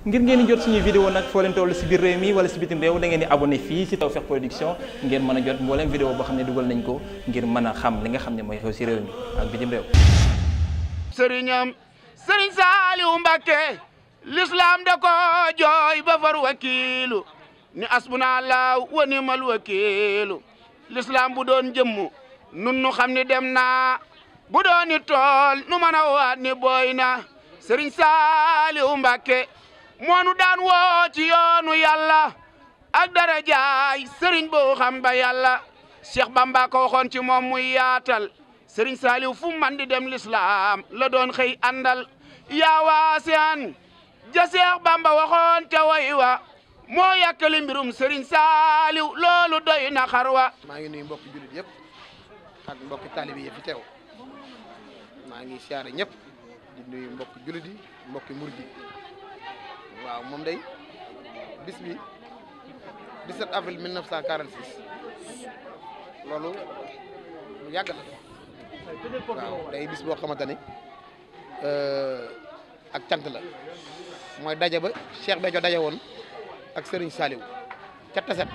ngir ngeen jot suñuy vidéo nag foo leen toll si biir réew mi wala si bitim réew da ngeen di abonné fii si Tawfekh Production ngeen mën a jot mbooleem vidéo boo xam ne dugal nañ ko ngir mën a xam li nga xam ne mooy xew si réew mi ak bitim réew sëriñam sëriñ lislaam da ko jooy ba far wakiilu ni asbuna laaw wa nimal wakiilu lislaam bu doon jëmm nun nu xam ni dem naa bu dooni tool nu mën waat ni booy na sëriñ Saaliw Mbàkke moonu daan woo ci yoonu yàlla ak dara sëriñ boo xam ba yàlla Cheikh Bamba ko waxoon ci moom muy yaatal sëriñ Saliou fu man dem lislaam la doon xëy àndal yaa waasiyaan ja Cheikh Bamba waxoon te way wa moo yàkkali mbirum sëriñ Saliou loolu doy na xar wa maa ngi nuyu mbokki jullit yëpp ak mbokki taalibi yi fi maa ngi siyaare ñëpp di nuyu mbokki jullit mbokki murid waaw moom day bis bi 17 avril 1946 loolu lu yàgg la waaw day bis boo xamante ni euh, ak cant la mooy daje ba Cheikh Béthio daje woon ak sëriñ Saliou ca Tassette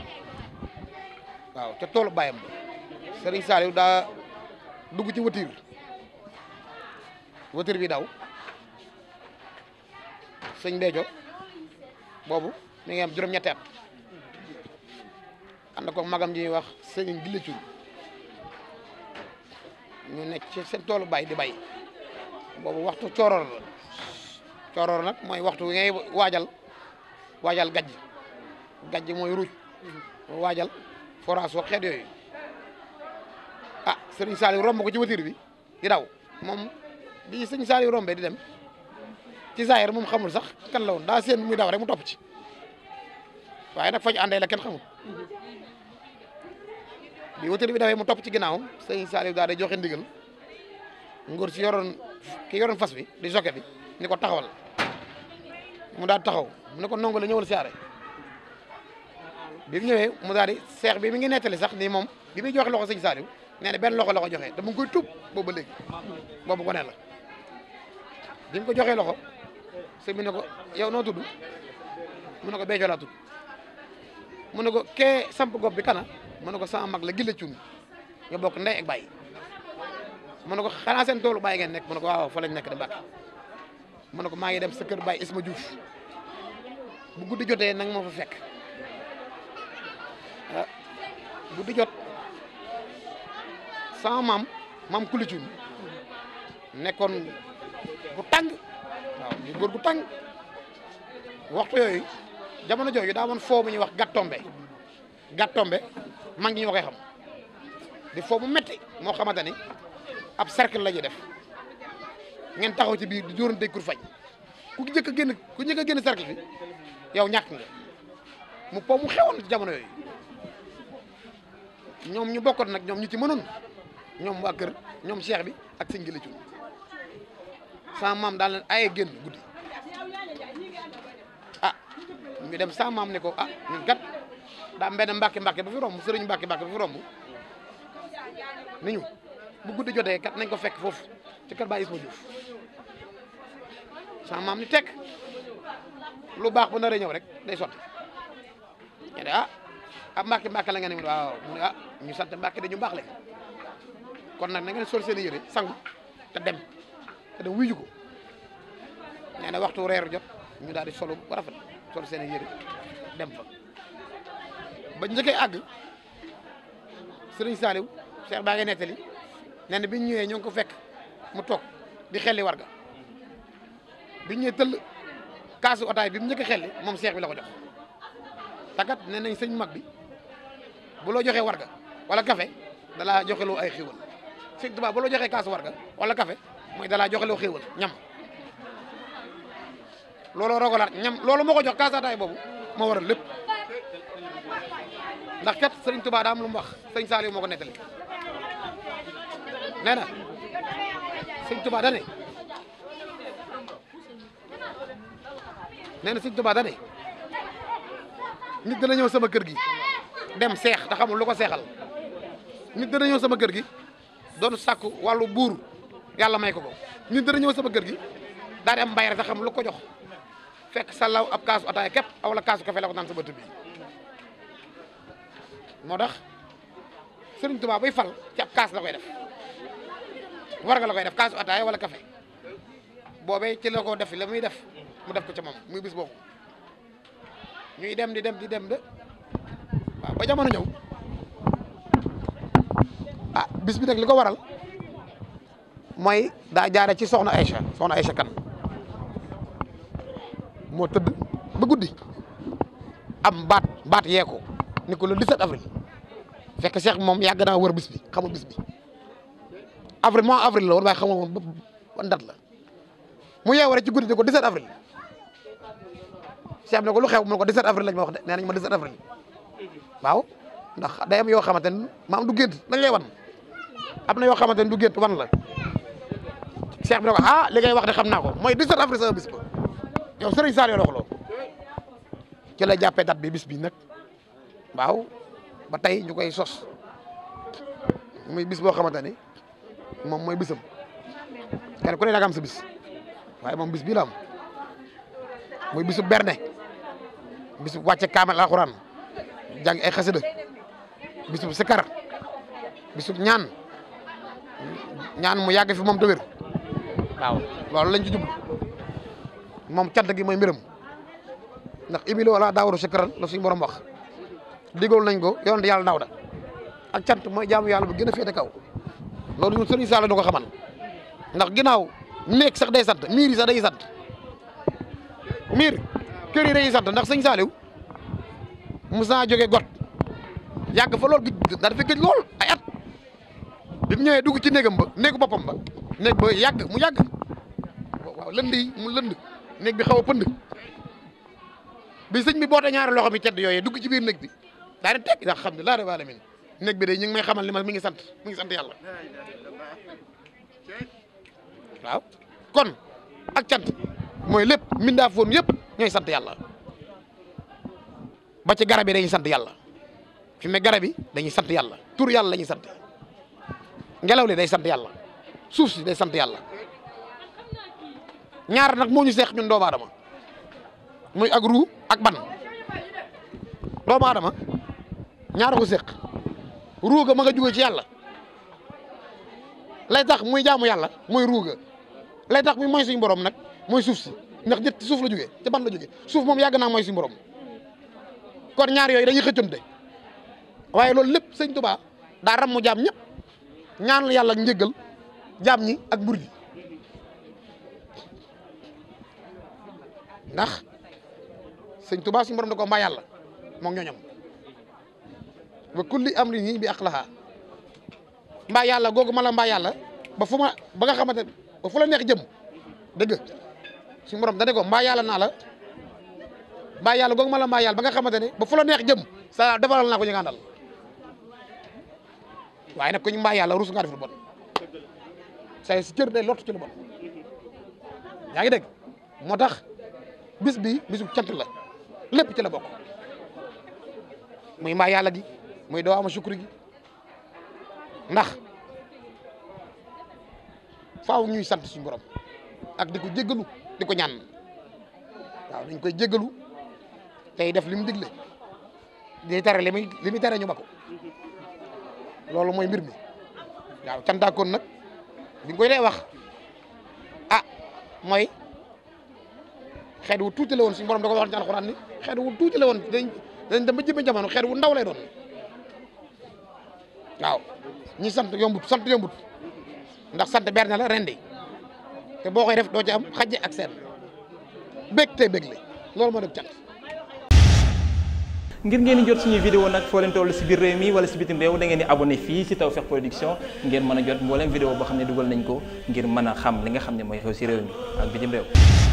waaw ca toolu baayam ba Serigne Saliou daa dugg ci watiir watiir bi daw sëñ Béthio boobu mi ngi am juróom-ñetti at ko magam ji ñuy wax sëñ Gille Cuun ñu nekk ci seen toolu baay di bay boobu waxtu cooroor la cooroor nag mooy waxtu wi ngay waajal waajal gajj gajj mooy ruuj waajal forage wax xeet yooyu ah sëriñ Saliou romb ko ci watiir bi di daw moom bi sëñ Saliou rombee di dem ci zaahir moom xamul sax kan la woon daa seen muy daw rek mu topp ci waaye nag fañ àndee la kenn xamul bi wutali bi dawee mu topp ci ginnaaw sëñ Saliou daal day joxe ndigal ngóor si yoroon ki yoroon fas bi di jokke bi ni ko taxawal mu daal taxaw mu ne ko nongo la ñëwal siyaare bi mu ñëwee mu daal di seex bi mi ngi nettali sax ni moom bi muy joxe loxo sëñ Saliou nee benn loxo la ko joxee te mu ngi koy tuub boobu ba léegi boobu ko ne la mu ko joxee loxo sëñ bi ne ko yow noo tudd mu ne ko Béthio laa tudd mu ne ko kee samp gopp bi kana mu ne ko sama mag la gilla cun bokk ndey ak bay mu ne ko xanaa seen toolu bàyyi ngeen nekk mu ne ko waaw fa lañ nekk di Mbàkke mu ne ko maa ngi dem sa kër bàyyi Isma Diouf bu guddi jotee nag moo fa fekk ah, guddi jot sama mam maam kulicun nekkoon bu tàng muy góor gu waxtu yooyu jamono jooyu daa amoon foo bu ñuy wax gàttombe gàttombe mag ñi ñoo koy xam di foo bu metti moo xamante ni ab cercle la ñuy def ngeen taxaw ci biir di dóorante kur fañ ku njëkk a génn ku njëkk a génn cercle bi nga mu po xewoon ci yooyu ñoom ñu bokkoon nag ñoom ñu ci mënoon ñoom waa ñoom cheikh bi ak sëñ gi la sama maam daal leen aye génn guddi ah ñu dem sama maam ne ko ah ñun kat daa mbenn mbàkke mbàkke ba fi romb sëriñ mbàkke mbàkke ba fi romb ni ñu bu guddi jotee kat nañ ko fekk foofu ci kër Baay Isma Diouf sama maam ni tekk lu baax bu naree ñëw rek day sotti ñu ne ah ab ah, mbàkke mbàkke la nga ne waaw mu ne ah ñu sant mbàkke dañu baax lañ kon nag na ngeen sol seen i yëre sangu te dem te dem ko nee na waxtu reer jot ñu daal di solu ba rafet sol seen yére dem fa ba njëkkee àgg sëriñ Saliou Cheikh baa ngi nettali nee na bi ñu ñëwee ñu ngi ko fekk mu toog di xelli warga bi ñu ñëwee tëll kaasu otaay bi mu njëkk xelli moom Cheikh bi la ko jox takat nee nañ sëñ mag bi bu loo joxee warga wala café dalaa joxeloo ay xiwal sëñ Tuubaa bu loo joxee kaasu warga wala café mooy dalaa joxe loo xéewal ñam looloo rogalaat ñam loolu moo ko jox kaasataay boobu moo waral lépp ndax kat sëriñ Tuubaa daa lu mu wax sëriñ Saaliw moo ko nettali nee na sëriñ Tuubaa dane na sëriñ Tuubaa dane nit ñëw sama kër gi dem seex te xamul lu ko seexal nit dana ñëw sama kër gi doon sak wàllu buur yàlla may ko ko nit dana ñëw sama kër gi daa am mbay rek sax xam lu ko jox fekk sa ab kaasu ataaya képp aw la kaasu kafe la ko naan sa bëtt bi tax Sëriñ buy fal ci kaas la koy def war nga la koy def kaasu ataaya wala kafe boobee ci la ko def la muy def mu def ko ca moom muy bis boobu ñuy dem di dem di dem de waaw ba jamono ñëw ah bis bi nag li ko waral mooy daa jaare ci soxna Aïcha soxna Aïcha kan moo tëdd ba guddi am baat baat yee ko ni ko le fekk Cheikh moom yàgg naa wër bis bi xamul bis bi avril mois avril la woon waaye xamul woon ban date la mu yeewu rek ci guddi ni ko 17 avril Cheikh bi ne ko lu xew mu ne ko 17 avril lañ ma wax de nee nañ ma 17 avril waaw ndax day am yoo xamante ne maam du gént lañ lay wan am na yoo xamante ne du gént wan la cheikh bi ne ko ah li ngay wax de xam naa ko mooy 17 avril sa bis ba yow sëriñ Saar yoo la wax loolu ci la bi bis bi nag waaw ba tey ñu koy sos muy bis boo xamante ni moom mooy bisam kenn ku ne da am sa bis waaye moom bis bii la am muy bisu berne bisu wàcce kaamal alxuraan jàng ay xasida bisu sikar bisu ñaan ñaan mu yàgg fi moom te wér waaw loolu lañ ci moom cant gi mooy mbiram ndax ibile wala daawaru sikran la suñu borom wax digool nañ ko yoon di yàlla daaw da ak cant mooy jaamu yàlla bu gën a féete kaw loolu ñun sëriñ Sall du ko ndax ginnaaw néeg sax day sant miir yi sax day sant miir kër yi sant ndax sëñ Saliou mos naa jógee got yàgg fa lool gëj daal dafa gëj lool ay bi mu ñëwee dugg ci néegam ba néegu boppam ba néeg ba yàgg mu yàgg waaw lënd yi mu lënd néeg bi xaw a pënd bi sëñ bi boote ñaari loxo mi tedd yooyu dugg ci biir néeg bi daane teg ndax xam ne laa rabbil alamin néeg bi de ñu ngi may xamal ne ma mi ngi sant mi ngi sant yàlla waaw kon ak cant mooy lépp mbindaa foon yëpp ñooy sant yàlla ba ci garab yi dañuy sant yàlla fi mu ne garab yi dañuy sant yàlla tur yàlla la ñuy sant ngelaw li day sant yàlla suuf si day sant yàlla ñaar nag moo ñu seex ñun doomu aadama muy ak ruu ak ban doomu aadama ñaar ko seex ruuga ma nga jóge ci yàlla lay tax muy jaamu yàlla mooy ruuga lay tax muy mooy suñu borom nag mooy suuf si ndax ñett suuf la jógee ca ban la jógee suuf moom yàgg naa mooy suñu borom kon ñaar yooyu dañuy xëccante waaye loolu lépp sëñ Tuubaa daa ram mu jaam ñëpp ñaanal yàlla njëggal jaam ñi ak bur gi ndax sëñ Tuubaa suñu borom da ko mbaa yàlla moom ñooñam wa kulli amri ñi bi aqlaha mbaa yàlla googu ma la mbaa yàlla ba fu ma ba nga xamante ba fu la neex jëm dëgg suñu borom da ko mbaa yàlla naa la mbaa yàlla googu ma la mbaa yàlla ba nga xamante ne ba fu la neex jëm saa defaral naa ko ñu waaye nag ko ñu mbaa yàlla rus ngaa def lu bon say si cër day lott ci bon yaa ngi dégg moo tax bis bi bisu cant la lépp ci la bokk muy maa yàlla gi muy doo ama sukkur gi ndax faaw ñuy sant suñu borom ak di ko jéggalu di ko ñaan waaw dañ koy jéggalu tey def li mu digle di tere li muy ñu ba loolu mooy mbir mi waaw cantaakoon nag li nga koy dee wax a ah, mooy xeet wu tuuti la woon si borom da ko wax ci alxuraan ni xeet wu tuut la woon dañ dañ dem ba jëmee jamono xeet wu ndaw lay doon waaw ñi sant yombut sant yombut ndax sant ber na rendi te boo koy def doo ci am xajje ak seen bég te bég la loolu moo def cant ngir ngeen di jot suñuy vidéo nag foo leen toll si biir réew mi wala si bitim réew da ngeen di abonné fii si Tawfekh Production ngeen mën a jot mbooleem vidéo boo xam ne dugal nañ ko ngir mën a xam li nga xam ne mooy xew si réew mi ak bitim réew